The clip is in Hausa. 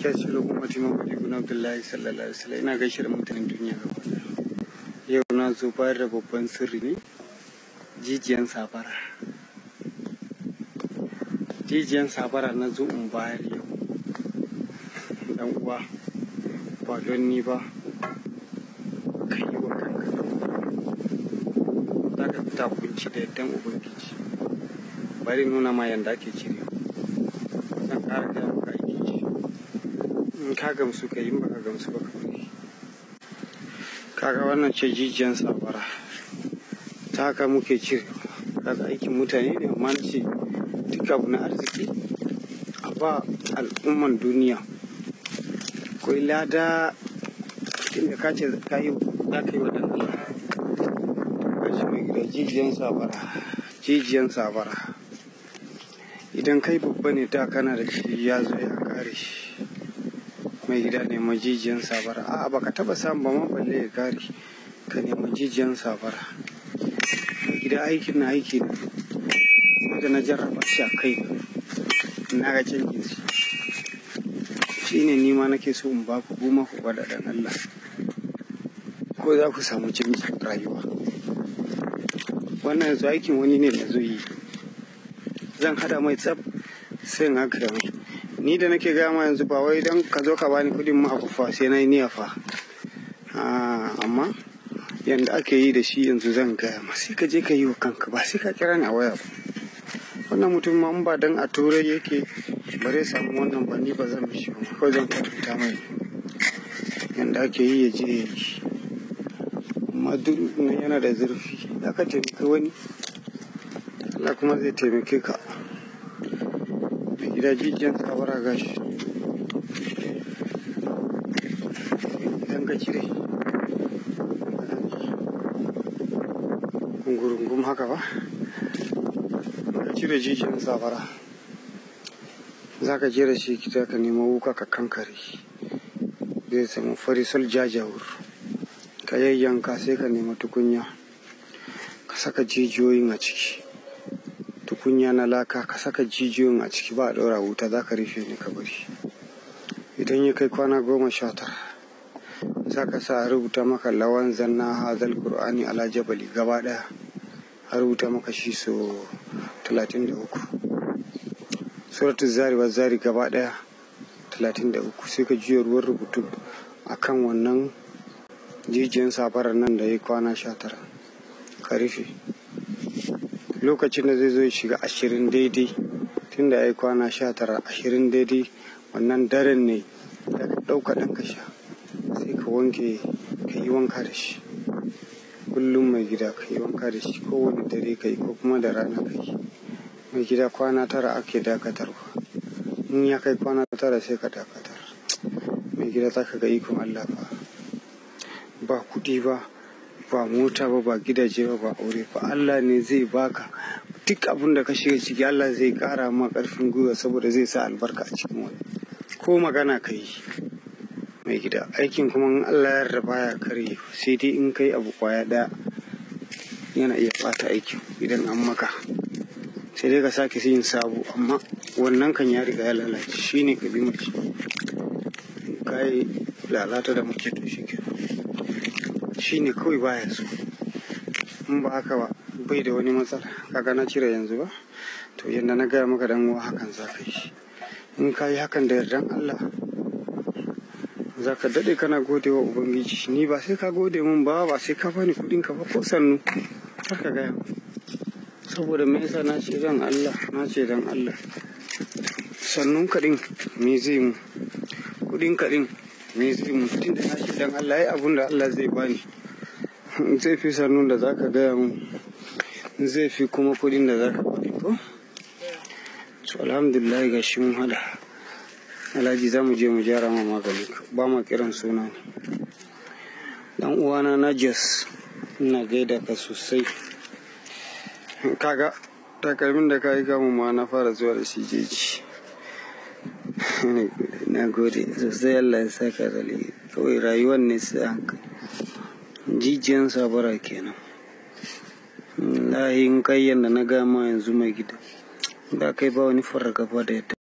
shi da kuma taimako guna Abdullahi sallallahu alaihi wasallam ina gaishe da mutanen duniya gaba yau na zo bayar da babban sirri ne jijiyan safara jijiyan safara na zo in bayar yau dan uwa ba don ni ba ka yi wa kanka da za ka fita kunci da yaddan ubangiji bari nuna ma yanda ake cire zan ƙara gaya maka aiki in ka gamsu ka yi baka gamsu ba ka bari kaga wannan ce jijiyan sabara ta haka muke cire kaga aikin mutane ne amma ce duk abu na arziki a ba al'umman duniya akwai lada inda ka ce za ka yi wa dan Allah kashi mai gida jijiyan sabara jijiyan sabara idan kai babba ne da kana da shi ya zo ya kare shi mai gida neman jijiyan sabara a'a baka taba samu ba ma balle ya kare ka neman jijiyan sabara mai gida aikin na aiki ne da na jarraba shi a kai na ga canjin shi ne ni ma nake so in ba ku goma ku gwada da Allah ko za ku samu canji rayuwa wannan yanzu aikin wani ne da zo yi zan hada mai tsab sai in haka mai ni da nake gaya ma yanzu ba wai don ka zo ka bani kuɗin ma sai na yi niyya fa amma yanda ake yi da shi yanzu zan gaya ma sai ka je ka yi wa kanka ba sai ka kira ni a waya ba wannan mutum ma ba dan a turai yake ba zai samu wannan ba ni ba zan mishi ba kawai zan karanta mai yanda ake yi ya je ya yi amma duk yana da zurfi za ka taimaki wani Allah kuma zai taimake ka gidajijiyan kabara gashi idan ka cire gungurungum haka ba ka cire jijiyan zabara, za ka jera shi kita ka nemo wuka ka kankare zai samu farisal jajawur ka yayyanka sai ka nema tukunya ka saka jijiyoyin a ciki kunya na laka ka saka jijiyoyin a ciki ba a ɗora wuta za ka rufe ne ka bari idan ya kai kwana goma sha tara za ka sa a rubuta maka lawan zanna hazal qur'ani ala jabali gaba ɗaya a rubuta maka shi so talatin da uku suratu zari wa zari gaba ɗaya talatin da uku sai ka juya ruwan rubutu a kan wannan jijiyan safarar nan da ya kwana sha tara ka rufe lokacin da zai zo ya shiga ashirin daidai tun da ya yi kwana sha tara ashirin daidai wannan daren ne da ka ɗauka ɗan ka sha sai ka wanke ka yi wanka da shi kullum mai gida ka yi wanka da shi kowane dare ka yi ko kuma da rana ka yi mai gida kwana tara ake dakatarwa in ya kai kwana tara sai ka dakatar mai gida za ka ga ikon allah ba ba kuɗi ba ba mota ba ba gidaje ba ba aure ba Allah ne zai baka duk abin da ka shiga ciki Allah zai kara ma karfin gwiwa saboda zai sa albarka a cikin wani ko magana ka yi mai gida aikin kuma in Allah ya raba ya kare sai dai in kai abu kwaya daya yana iya fata aiki idan an maka sai dai ka sake yin sabu. amma wannan kan ya riga ya lalace shine ka bi mace kai lalata da muke to shi kenan shi ne kawai baya so in ba haka ba bai da wani matsala kaga na cire yanzu ba to yadda na gaya maka dan uwa hakan za ka yi in ka yi hakan da yardan Allah za ka daɗe kana gode wa ubangiji ni ba sai ka gode min ba ba sai ka bani kuɗin ka ba ko sannu har ka gaya saboda me yasa na ce zan Allah na ce dan Allah sannun kaɗin me zai mu kuɗin kaɗin me mutum da nashi dan Allah ya abun da Allah zai bani zai fi sannun da zaka gaya mun zai fi kuma kudin da zaka bani ko to alhamdulillah ga shi mun hada alhaji za mu je mu gyara ma magani ba ma kiran suna dan uwana na jos ina gaida ka sosai kaga takalmin da ka yi mu ma na fara zuwa da shi jeji na gode sosai allah ya saka da kawai rayuwar ne sai hankali jijiyan sabara kenan lahin kayyana na gama yanzu mai gida da kai ba wani fargaba da yadda